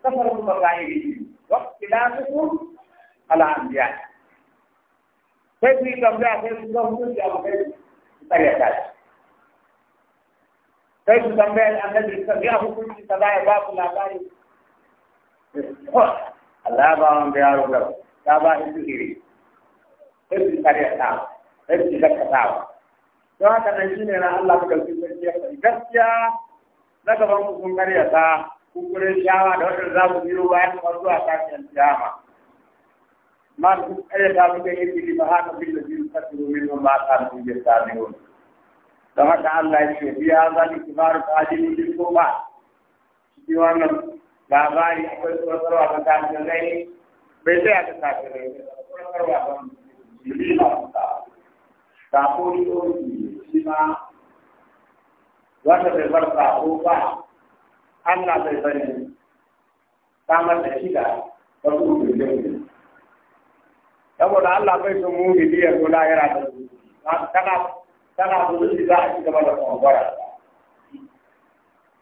kafar mu ba ga yi wa sai ku yi tambaya sai ku ga hukunci abu kai ku karyata shi sai ku tambaya annabi ka ya ba ku labari Allah ba wanda yaro da ta ba shi iri sai ku karyata sai ku gaskata don haka nan shine na Allah ka dauki gaskiya gaskiya na gaban ku kun karyata ta, kure shawa da wanda za ku biyo bayan zuwa kafin jama'a ما أي دعوة يجي لبها نبي الذين كفروا منهم ما كانوا يستعملون كما تعالى يشهد بهذا الكبار فاجل للكوبا ديوان labari akwai da ga kafirai bai sai aka kafirai tsotsarwa ga musulmi masu ta sako ni o shi ma wanda bai bar sako ba Allah bai bari samar da shida da kuma da saboda Allah bai son mu ne biyar ko lahira da su kana kana zuci za a ci gaba da kwambara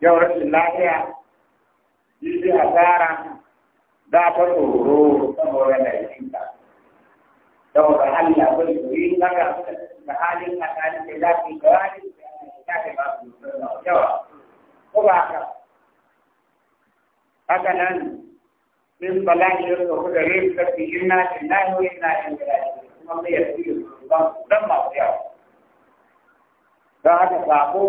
yau rashin lafiya a asara za ta tsoro saboda da yi ta saboda Allah bai so yi naka da halin a tsarin da za su yi kawai da ya ba su yawa ko ba haka haka nan min bala ya ko da rin ka fi inna lillahi wa inna ilaihi raji'un kuma mai yafi ban dan ma ya da haka sabo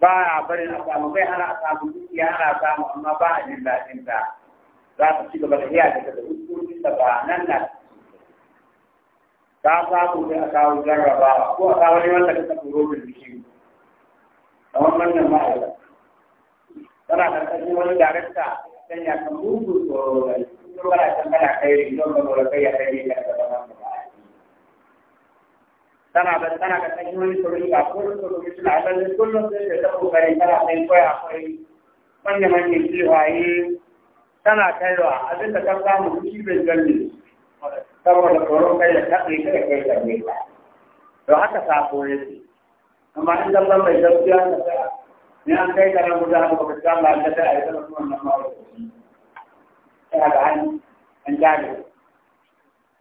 ba a barin a samu kai hana a samu duki ya hana a samu amma ba a jin daɗin ta za ta ci da iya da daga hukumomi da ba nan na ta samu sai a kawo jarraba ko a kawo neman da kasa koro da jiki a wannan nan ma'aikata tana da wani darakta sanya ka mugu tsoro ka mora kai ya kai ne ka zama nan ba tana da tana da ne kullum sai da ko kai kana kai ko akwai manyan manyan kiwaye tana kaiwa abin da ka samu shi ada gani saboda tsoron kai da kaɗai kai in an kai karan guda haka baka samu halatta a yi sama kuma nan ma'a ta haka an an jage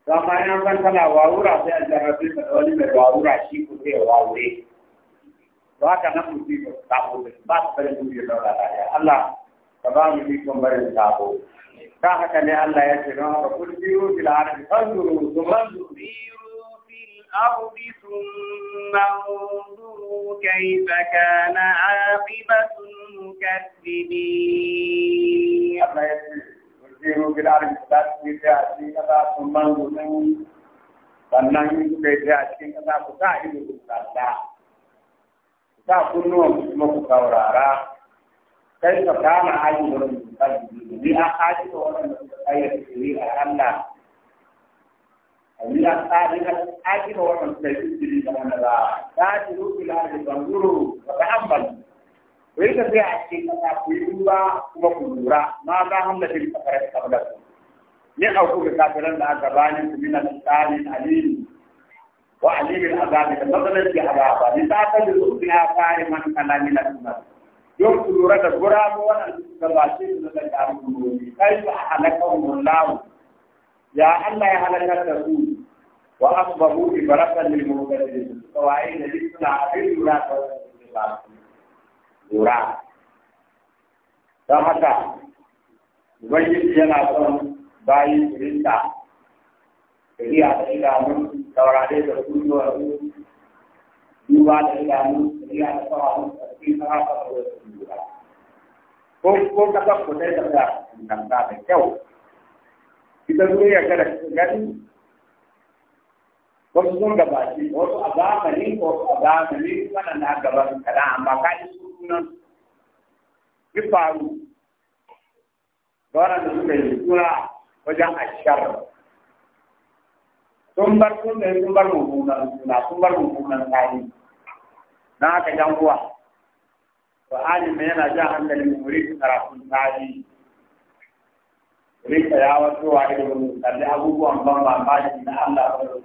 to amma in an san kana wawura sai an jarrabe ka da wani mai wawura shi ko sai wawure to haka nan mutum ba ta ko ba ta bari mu yi saura da Allah ka ba mu yi kon bari ta ko ta haka ne Allah ya ce don haka kullu bil ardi fanzuru thumma الأرض ثم انظروا كيف كان عاقبة المكذبين zero gidarin da su ke a cikin kasa sun bango nan sannan in suka yi a cikin kasa ku sa ido ku kasa ku sa kunnuwan kuma ku saurara kai ka kama ayyukan da suka yi ni a ajiye wannan da suka yi a Allah Allah ta yi da aiki da wannan sai su yi da wannan ba ta ji ruki la da banguru ka ambal ko yi sai a cikin yi ruwa kuma ku lura ma ga hamla shi ka fara ka fada ne da aka bani su min al-salim alim wa alim al-azab da madalan ki haba ba ni ta ka ji ruki la ka yi man kana min al ku lura da gurabo wannan da ba shi da ka ji kai ba halaka Allah ya Allah ya halaka da ku وأخبروا ببركة للمبتدئين فوائد الذي صنع في الولاة لورا سمعت وجد جناكم باي رنتا هي على إعلام تورادي تقول له يوا على إعلام هي على تورادي في سراقة لورا ko ko kaka ko dai da ta kan ta da kyau kita duniya kada gani wasu sun gabaci wasu a zamanin wasu a zamanin wannan na gaban kaɗan amma ka ji sunan ya faru da waɗanda suka yi tura wajen ashar sun bar sun da sun bar mummunan suna sun bar mummunan tsari na aka jan kuwa. to alimin yana jan hankali murid karatun tsari rika ya wato wa irin abubuwan ban mamaki na Allah ba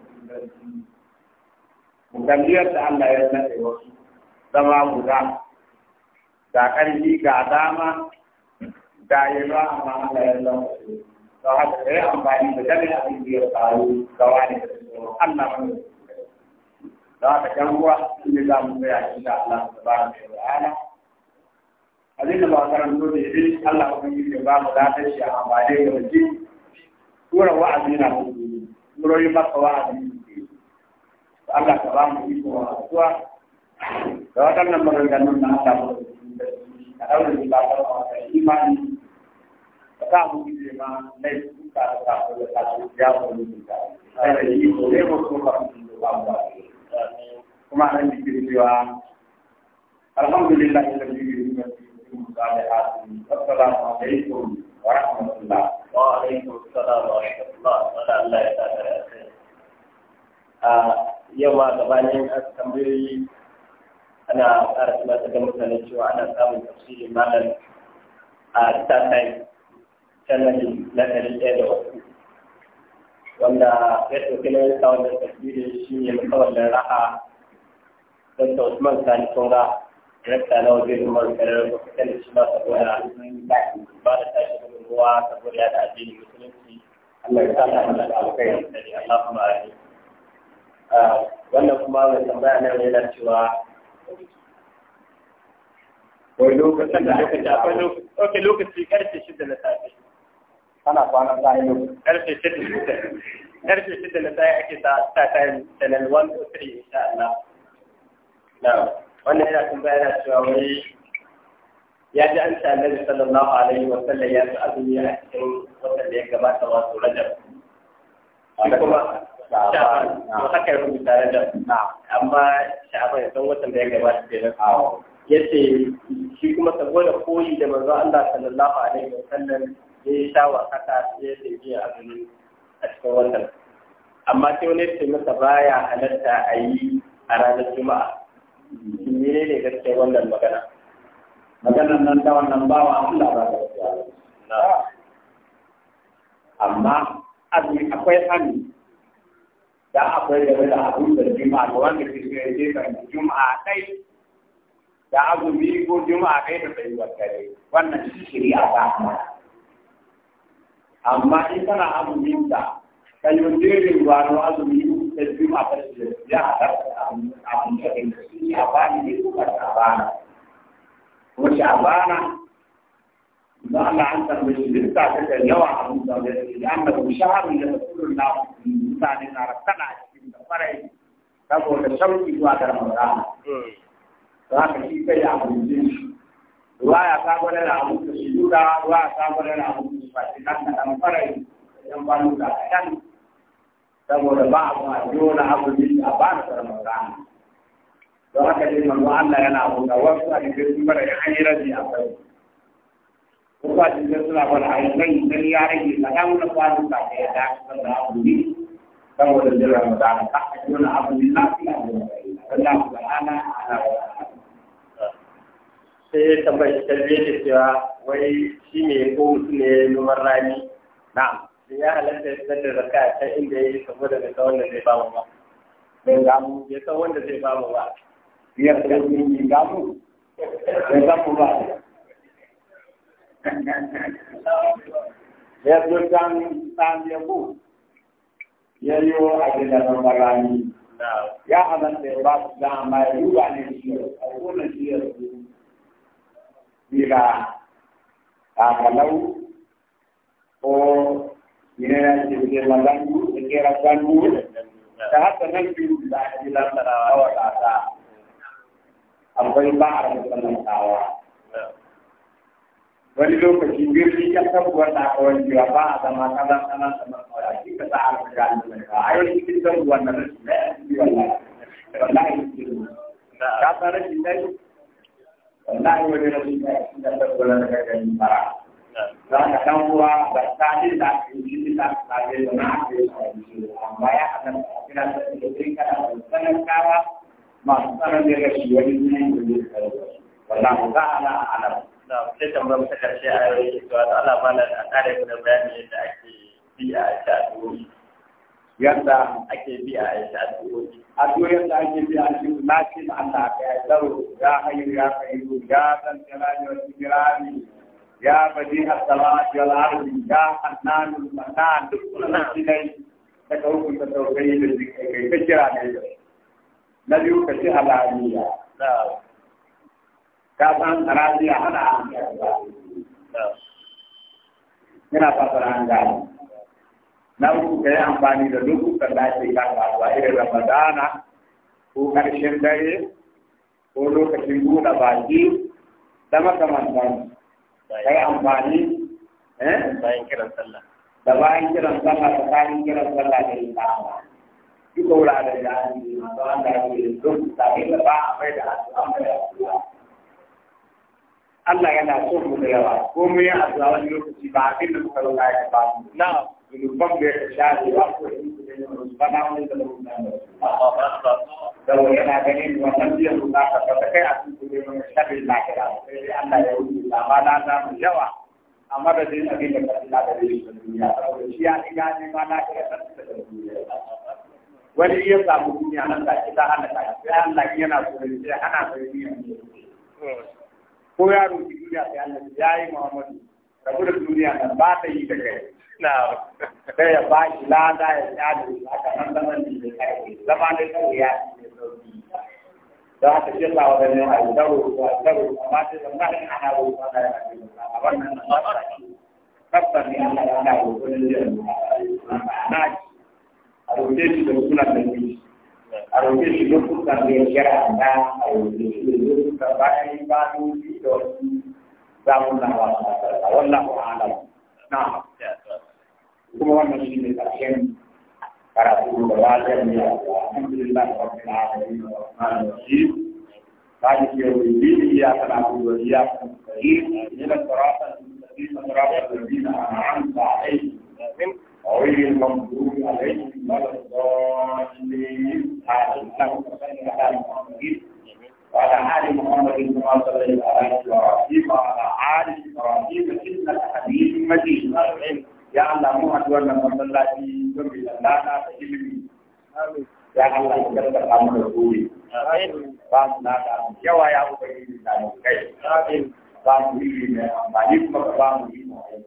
sarki da Allah ya nade wasu zama mu ga ga ƙarfi ga dama ga yalwa amma Allah ya nade to haka sai amfani da dalilin abin da ya faru ga wani da Allah mana da haka kan ruwa inda za mu tsaya inda Allah tabaraka wa ta'ala abin da ba karanto da shi Allah kuma yi ba mu da ta shi amma dai ga ji tura wa'azi na mu muroyi maka wa'azi Allah ka ba mu iko a zuwa da waɗannan maganganun na Allah ka daura da ba ta da imani ka sa mu ije ma lai suka da ta da ta ya ko ni ka da yi ko ne ko kuma ba ba kuma an yi kirkiwa alhamdulillah alladhi bi ni'matihi mutalahat assalamu alaikum wa rahmatullah wa alaikum assalam wa rahmatullah wa la yawa gabanin tambayoyi ana ƙara tunatar da mutane cewa ana samun tafsirin malam a tattai channel na ɗari ɗaya da wasu wanda ya ɗauki nauyin sa wannan tafsirin shi ne da raha don ta usman sani tunga rekta na wajen umar karar kwakwatar da shi ma saboda ba da tashi gudunmuwa saboda ya da addinin musulunci Allah ya sa ta mana da alkai da Allah kuma a Ah, wannan kuma mai tambaya nan yana cewa wai lokacin da lokaci lokaci karfe shida na safe ana kwana yi karfe shida karfe shida na safe ake sa sa channel insha Allah na wannan yana tambaya yana cewa wai ya ji an ce annabi sallallahu alaihi wa sallam ya ci azumi a cikin watan da ya gabata wato rajab kuma sha'aban to haka ya rubuta tare da amma sha'aban ya san watan da ya gabata kenan yace shi kuma saboda koyi da manzo Allah sallallahu alaihi wa wasallam ya yi sha wasaka ya yi biya azumi a cikin wannan amma sai wani yace masa baya halatta a yi a ranar juma'a mene ne gaskiya wannan magana maganar nan da wannan bawa Allah ba gaskiya amma akwai hannu da akwai game da abun da juma'a da wanda ke so ya je kan juma'a dai da azumi ko juma'a dai da bai kai wannan shi shari'a ba amma in kana azumin da kai yundirin gwano azumi da juma'a ta shi ya haɗa abun da ke so ya ba ni ne ko ba ta ba na ko sha ba na قال عن تقبل بتاع اليوع لأنه شهر يقول الله إنسان إن ركنا في الفرع تقول الشمس وهذا رمضان فهذا شيء يعمل الجيش رواية تقول العمود السجود رواية تقول العمود الفاتحة كان فرع ينبغي لأحيان تقول بعض ما يقول أبو الجيش أبان رمضان فهذا شيء من الله ينعم وتوفى لكي يكبر يعني رجي أبو kuka cikin suna idan ya rage kaɗan na kwanan da kan da abu ne kan ka a cikin abu ne lafiya da kan da sai tambayi cewa wai shi ne ko ne numar rani na ya halatta ya da ta inda yi saboda zai ba mu ba gamu san wanda zai ba mu ba biyar da ba ya zo can san yabu ya yi wa abin da ban barani ya halatta ya ba su dama ya ruwa ne shi a kone shi ya su bila kalau ko ina na ce ke malangu da ke rasangu da haka nan biyu da ake lantarawa wa tsada akwai ba a rasanantawa wani lokaci birni ya sabuwa na kawai jiwa ba a zama kaza kaza kaza kawai shi ka sa aka ga alwala ba a yau shi kan ruwan na rashin na yanzu wallahi wallahi shi ne ka san rashin na yi wallahi wani rashin na yi da sabuwa na kaga yin fara za ka dan uwa ba ta ji da ake yi shi ta ta ga da na ake yi amma ya hadan kira da shi kana da sanan kawa masu tsaron da rashi wani ne da ya kawo wallahi ba ala alam na sai tambayar ta karshe a yau yake cewa da Allah malam a kare mu da yadda ake bi a aisha addu'o'i yadda ake bi a aisha addu'o'i ake bi a cikin lafiya Allah ka yi zaro ya hayyu ya kayyu ya dan jalali wa kirami ya badi as-samawati wal ardi ya hannanul manan duk sunan sinai ta kawo ta tausayi da kai ta kira ne na biyu ka ci alamiya ka san raziya hana an yana fasar an gani na uku ka yi amfani da lokutan da ramadana ko ƙarshen dare ko lokacin buɗe baki da makamantan ka yi amfani eh? bayan kiran sallah da kiran sallah da kiran sallah da yi kama duka wuraren da ake masu wanda ake duk da ba a mai da hasu an mai Allah yana son mu da yawa ko mu yi addu'a wani lokaci ba abin da muka roƙa ya ba mu na zunuban da ya shafe ba ko ba na wani da mu da da yana ganin wannan biyan ba kai a cikin kuma mun shafe lafiya sai Allah ya wuce na mu yawa a madadin abin da ka da duniya saboda shi ya riga ne ma na kai da duniya wani iya samu duniya nan da ita ta sai Allah yana so ko ya roƙi duniya sai Allah ya yi Muhammadu rabu da duniya nan ba ta yi daga kai na sai ya ba shi lada ya tsada haka nan zaman da ya kai zama da kai ya da haka shi Allah wa ne a daro wa daro amma sai zan ba ina na roƙo na ya a wannan ba ba tabbas ne Allah ya na roƙo ne na a roƙe shi da sunan da shi a roƙe shi lokutan da ya shara'anta a roƙe shi lokutan bayan ibadodi da wasu zamun na wasu masarata wallahu alam na kuma wannan shi ne ƙarshen karatu da ya alhamdulillah rabbil alamin wa rahmanir rahim مالك يوم الدين إياك نعبد وإياك نستعين اهدنا الصراط المستقيم صراط الذين أنعمت عليهم غير المغضوب عليهم ولا الضالين اللهم صل على محمد وعلى آل محمد كما صليت على إبراهيم وعلى آل إبراهيم إنك حميد مجيد يا الله مو أدوانا من الله في يوم لنا تعلمي يا الله كرت كم رسولي فاسنا كم يوا يا أبو بكر كم كي فاسنا كم بني كم بني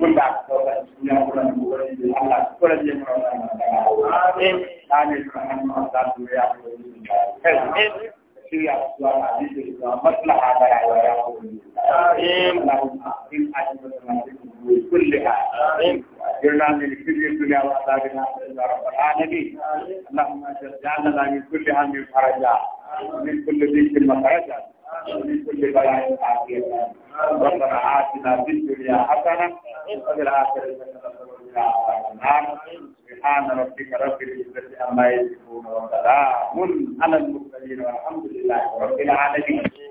wanda aka saura ya kula da gobe da Allah kula da yamma amin amin amin Allah su ya kula da amin shirya su a hadisi da maslaha da rayuwa amin amin amin kullaha amin جعلنا من كل الدنيا وأولادنا العالمين اللهم اجعلنا من كل هم فرجا من كل ضيق مخرجا ومن كل بلاء عافية ربنا آتنا في الدنيا حسنة وفي الآخرة حسنة وقنا عذاب النار سبحان ربك رب العزة عما يصفون وسلام على المرسلين والحمد لله رب العالمين